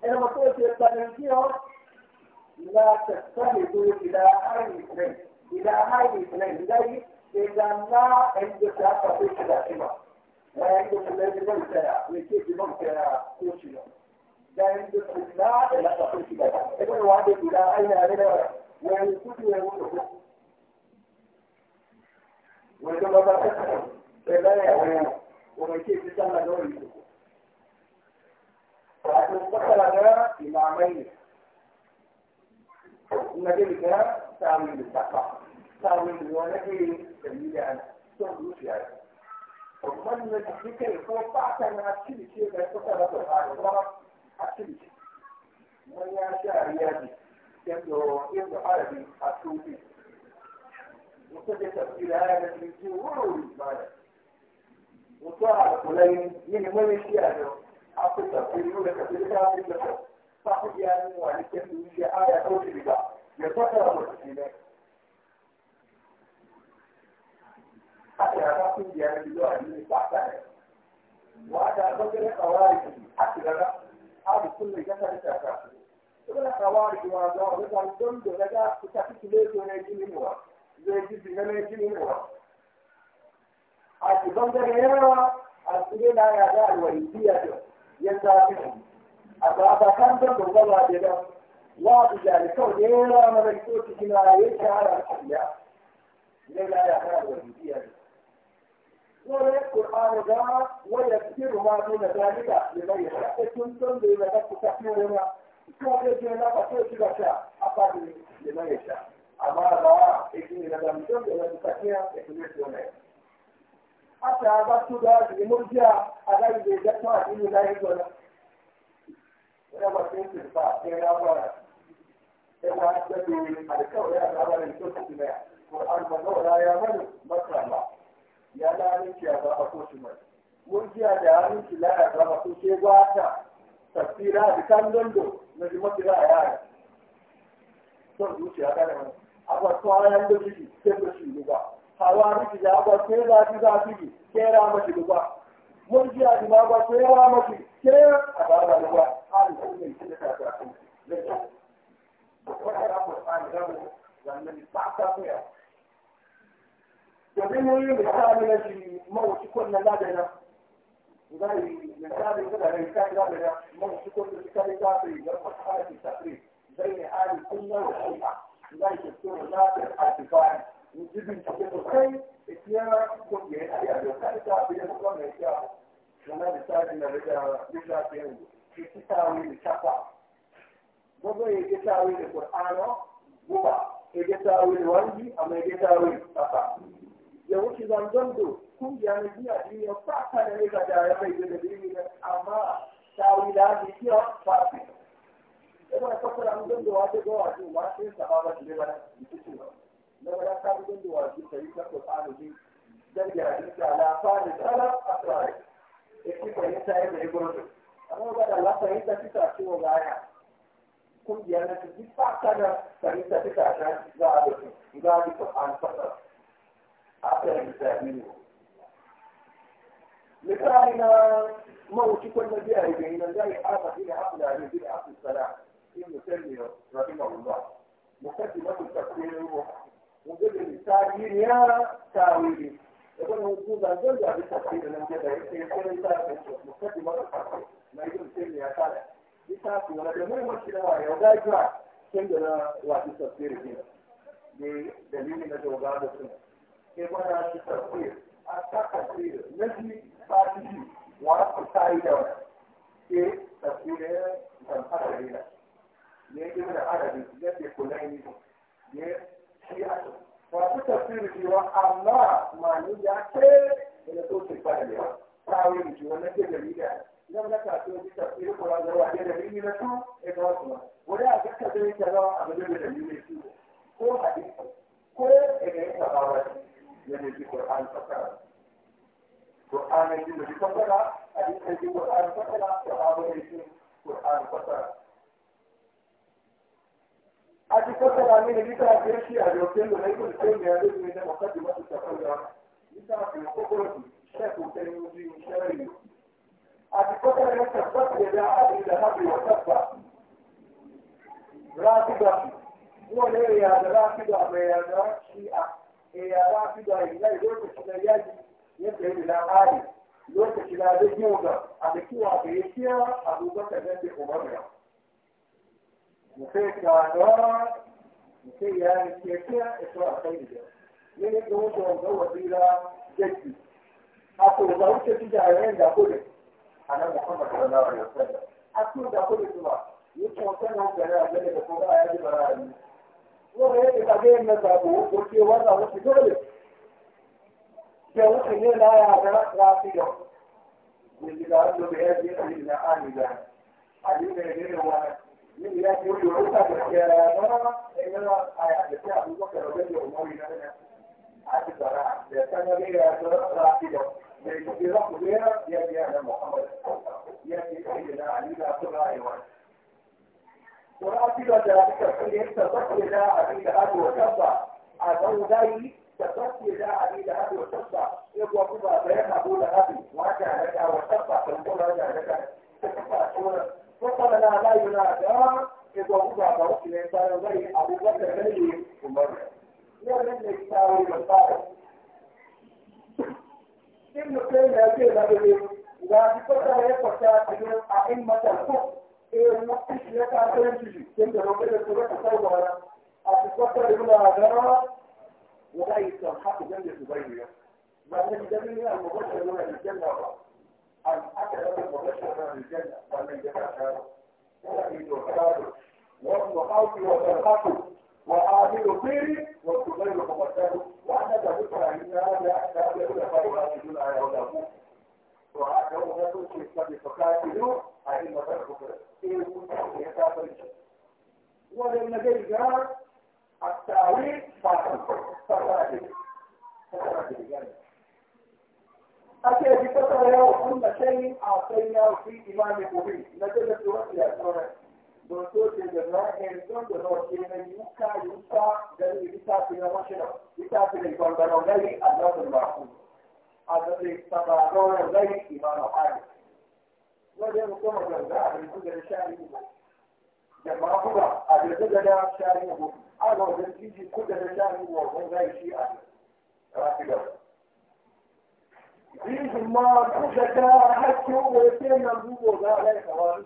ɗan mutum ke tsanin kiyo la ta tsani ko gida hari ne gida hari ne dai idan na ɗan da ta ka ko shi da kima bayan da kuma da ban tsaya ne ke da ban tsaya ko shi da dan da kuma da la ka ko shi da idan wa da gida hari ne da wani kudi ne ko wani da ba ta ومن كيف يسمى دور فإن اتصل ده بمعنيين النبي ده تعمل بالصحة تعمل ونبي تميل عنه تنبوش يعني ومن تحديك الكون بعد أن أكتب شيء بيتصل بالحاجة ضرب أكتب شيء ويا شعرياتي يبدو يبدو عربي أكتب شيء وقد تبديل هذا الجيل ولو بالمعنى وصار فلان من وين شيء أقصى في يوم كثير كافي لك فقد يعني وعليك في آية أو شيء يتكرر المسلمين حتى يكون يعني بدون أن يستعتني وهذا بدل خوارج حتى لنا هذا كل جسد تكافي بدل خوارج وهذا بدل دم دم لك تكافي ليس ولا يجي منه لا يجي منه لا يجي منه a ci bangare yawa a cikin na ya da alwaidiya da ya zafi a zafakan don dogara da nan wa da jalikau da yawa na rai ko cikin na ya shahara a cikiya ne na ya da alwaidiya da Wani quran da wanda cikin rumanu na zalika da mai haɗaƙin don da ya zaka kusa fiye wani ko da ke na shi da sha a ne, da mai sha amma ba a ikin da zamtun da ya zaka fiye da kuma fiye hata ba su da da murjiya a zai da ya ta addini na yi gona ya ba sai su ba sai na fara sai na da da alƙawari a labarin to su ne Qur'an ba zaura ya mani makrama ya da ni ya ba a ko shi mai murjiya da ya ni la ya ba a ko shi gwata tafsira da kan dondo na ji mutira a yaya son zuciya ta da wani abuwa da shi da shi ba hawari ki da ba sai da ki za ki kera maki duba murjiya ki ba ba kera maki kera a ba ba duba hali sun ne ki da ta ku ne ta ko ta ra ko an ga mu dan ne ta ta ku ya to bin ne ne ta ne shi mu ci kon na da na ngai ne ta ne da ne ta da na mu ci kon da ta da ta tawil qur'ano guba ya ga tawil wangi amma ya ga tawil tsaka biya da ya bai tawila ma sai da ba ba sai ta dan ya la fa ba da ta ta ga ya kungiya na duk ba ta da fahimta ta za a dafi za a duka an fasa a kan ka yi na mawuci kwanan biya da gani nan zai aka fi da haku da abin da haku sana in musalli rahimahullah musalli mafi tafsirin ruwa wanda da misali ya ce ya وجود الزوجة بالتفصيل لم يبقى يصير كل إنسان مقدمة الحق ما يجوز سير ya صالح littafi wani da da na wayo gajiya sun da na wasu tafsiri ne ne dalili na doga da suna ke mana shi tafsir a ta tafsir na shi ba shi wa su sai da ke tafsirin kan adadi ne ke da adadi ne ke kula ne ne shi a wasu tafsiri shi wa amma ma ya ke da to ce ba da yawa ta wuri shi wannan ke dalili لم نتعلم تفسير القرآن هو على نبي مسوع إدراكه ولا أذكر ذلك لا أبدا نبي مسوع هو حديث كل إنه تقارب من القرآن فكرة القرآن الذي فكرة حديث الذي القرآن فكرة تقارب من القرآن فكرة أجي فكرة من اللي تعرف يمشي على الوكيل ولا يكون الكلام يعرف من مقدمة التقرير لسه في القرآن شاكو كان يجي من شاريه أتفكر أن التصدق يدعى إلى هذه وتصدق رافضة هو لا يا رافضة ما يا شيعة يا رافضة لا يوجد شيء ينتهي إلى عالي يوجد شيء لا يوجد أبكوا أبيشيا أبو بكر بن عمر وفي كانوا وفي يعني كيفية إسراء خير من يجوز أن يزوج إلى جدي أقول لو تجد عيان يقول على محمد صلى الله عليه وسلم أكيد كل جمعة يمكن سنة جلاء جلد فضاء يجب على وغير تغيير مذهبه وكي وضع وكي تغلب جوك هنا لا يعرف راسيه واللي قال له بهذه الأمينة آمنة علينا يدير وانا من يأتي يقول يا ترى إنما أبو بكر رضي الله عنه عبد الزراعة لأن أنا ليه راسيه يجي ربنا يجي على محمد يجي سيدنا علي لا تراعي وراتب ذلك حين تفصل علي لهذا وتبع أبو ذي تفصل علي لهذا وتبع يبقى كما بين أبو لهب وجع لك وتبع فنقول رجع لك فقال لا لا ينادى يبقى كما بوصل إنسان ذي أبو بكر ذي أمر يا من يساوي مصائب إن ابن تيمية يقول لا يفتح يفتح أجل أئمة الكفر إيه المقصد يقع كلام شيء كم ده ممكن يكون تصور على أتفكر يقول هذا ولا يصحح جنب سبيلية ما الذي دلني المبشر من الجنة أن أكل المبشر من الجنة فمن جنة شارع ولا يدرك وابن خالتي وفرقته وعامل خير والصغير فقدر وأنا ذكر إن هذا لا يقول فيقاتلون على أولادهم وهذا هو نفس الشيء فقاتلوا أئمة الكفر إن كنتم يكافر ولم نجد التعويض باطل فقاتل فقاتل يعني أتى بفترة يوم كل شيء أعطيناه في إمام مبين نزلت رؤيا سورة doso ce da na yanzu da na wace na yuka yuka da ne littafi na mashina littafi da ikon ganon gari a zafin baku a zafin sabaron gari imanu hali wanda ya kuma ganga a yanzu da ba. da makuma a yanzu da na shari ne a ga wajen jiji ko da na shari ne wajen gari shi a rafidar Bihin ma da ta hakkin wajen nan zuwa za a laifin wani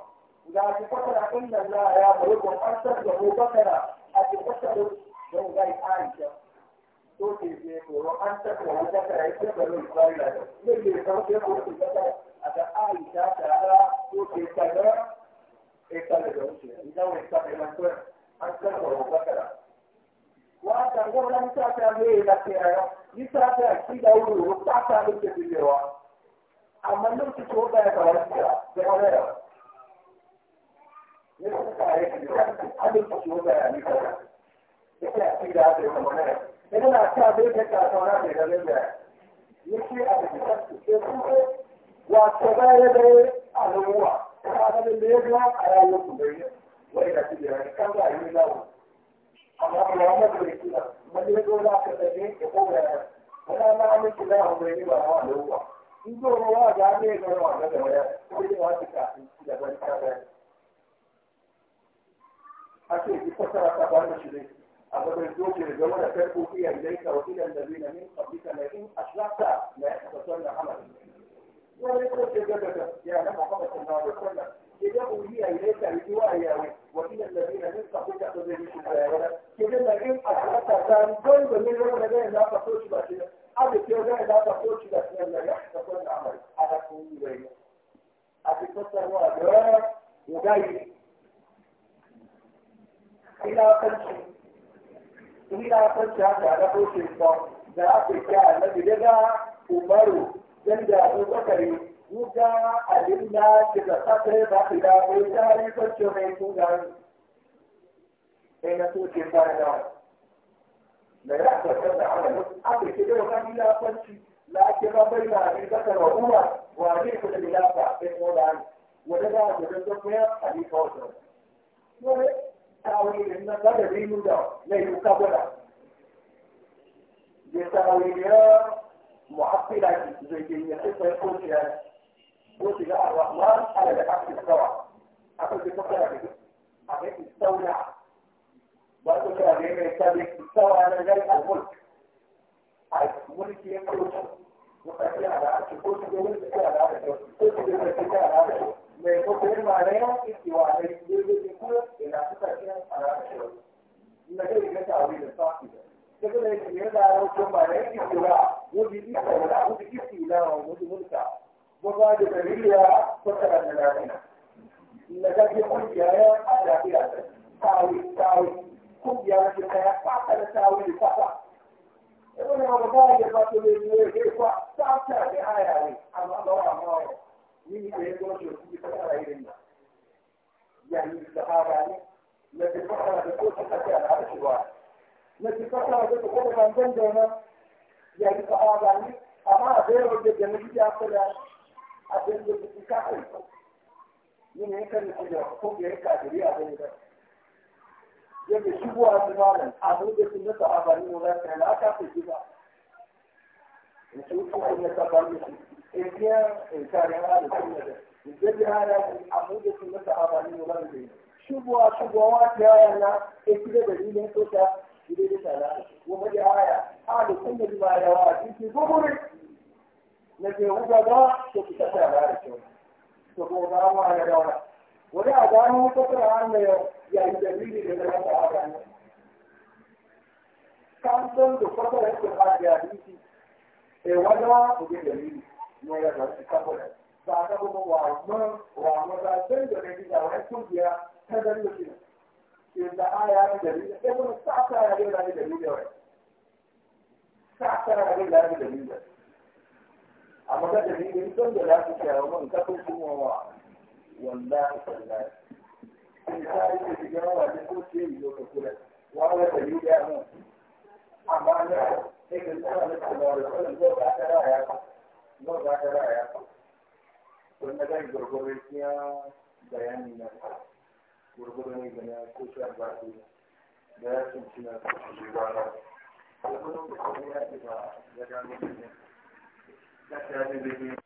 ذات فترة إن الله يأمركم أن تذبحوا بقرة أتي فترة يوم غير عائشة توتي يقول أن تذبحوا بقرة يتقبلوا القائلة من يقول يقول البقرة أتى عائشة تعالى توتي كذا يتقبلوا إذا يتقبلوا أن تذبحوا بقرة وأتى قول لم تعتمد لك لساعة أكيد أولو تعتمد بالجواب أما لو تتوقع يتوقع بغيره والسبايا الهوى هذا اللي يجمع على الوصولية وإلى كده كم رأيه له أما محمد رسول من يقول لا تتجين يقول أنا ما عملت له بيني وهو حتى في فترة تقوم شريك أبدا الزوج الجملة تركوا فيها إليك وإلى الذين من قبلك لئن أشركت لا يحدثن عملا ويقول جدتك يا نبي محمد صلى الله عليه وسلم كده هي إليك لتوائي وإلى الذين من قبلك تزيد شبايا كده لئن أشركت كان كل من يوم لديه لا تقولش بأشياء أبدا كده لا تقولش بأشياء لا يحدثن عملا أنا كوني بينه أتكسر وأجراء وجاي khilafanci khilafanci haka na ɗauke ba da aka kya annabi daga umaru dan da abubakari kuga abin da ke da ba ku da ko tare kwanci mai kuga sai na so ke da da ya karɓar da amalin aka ke da wani ba bai na abin zakar wa umar wa ne ku da khilafa sai ko da wani da za da zafiya a kawai tawilin nan ladabi mu da mai duka gwada ya tawiliya muhaffila ki zai ke yi sai sai ko ya ko shiga ar-rahman ala da hakki sawa akwai da fara da akwai istaula ba ko da ne mai tabi istawa na gai al-mulk ai mulki ya ko ko ta da ko ta da ko ta da ko ta da me coger manera y que va a ser de vehículo en la situación para la ciudad. Una que viene a abrir el fácil. Yo que le enseñé a dar ocho maneras y que va, un difícil, ¿verdad? Un difícil, ¿verdad? Un difícil, ¿verdad? Vos vas a definir la cosa de la arena. La calle Juliana a la piedra. Sabe, sabe. Juliana que está pasa de sabe y pasa. Eu não vou dar ele para todo mundo, ele vai passar a terra aí. Agora, agora, agora. من أيضا يكون كأيضا يعني الصحابة يعني التي فقرة بكل حتى على الشوارع التي فقرة بكل من جنبنا يعني الصحابة يعني أما غير الجنة التي أقول أقول التي كأيضا من هيك الحجر فوق هيك أدري يعني أدري يجب شبوة زمانا عمود السنة صحابة ولا كان لا تأخذ جبا نشوف أن يتبرمش ikiyar karyar alifin da jirgin hada ne a buɗe su masa amfani da wani bai shubuwa shubuwa wa ta yawa na ake da dalilin sosa gida da tana ko maje haya a da kun da jima ya wa jiki ke wuga ba ta fita da kyau ta kuma ga amma ya wani a gano wata kura an yau ya yi dalili da ta haka ne kan san da kwatar yankin hajiya jiki ewa da wa dalili naira ɗari takwas ba ta kuma wannan wannan da zai da kai da wani kungiya ta gari da shi da aya da gari da sai kuma sa ya da gari da gari da sa ta ya da gari da gari da amma da gari da sun da za su kiyaye mun ka kun kuma wa wallahi wallahi in ka yi da shiga wa ko ce yi ka kula wa da gari da mun amma ne sai ka tsara da kula da wannan da ta ya ka nawa za ta raya ko na gani gwargwaro ya bayani na gwargwaro ne ga ko shi albarku da ya tunci na shi rana gwargwaro da ya ba ya gano ne ta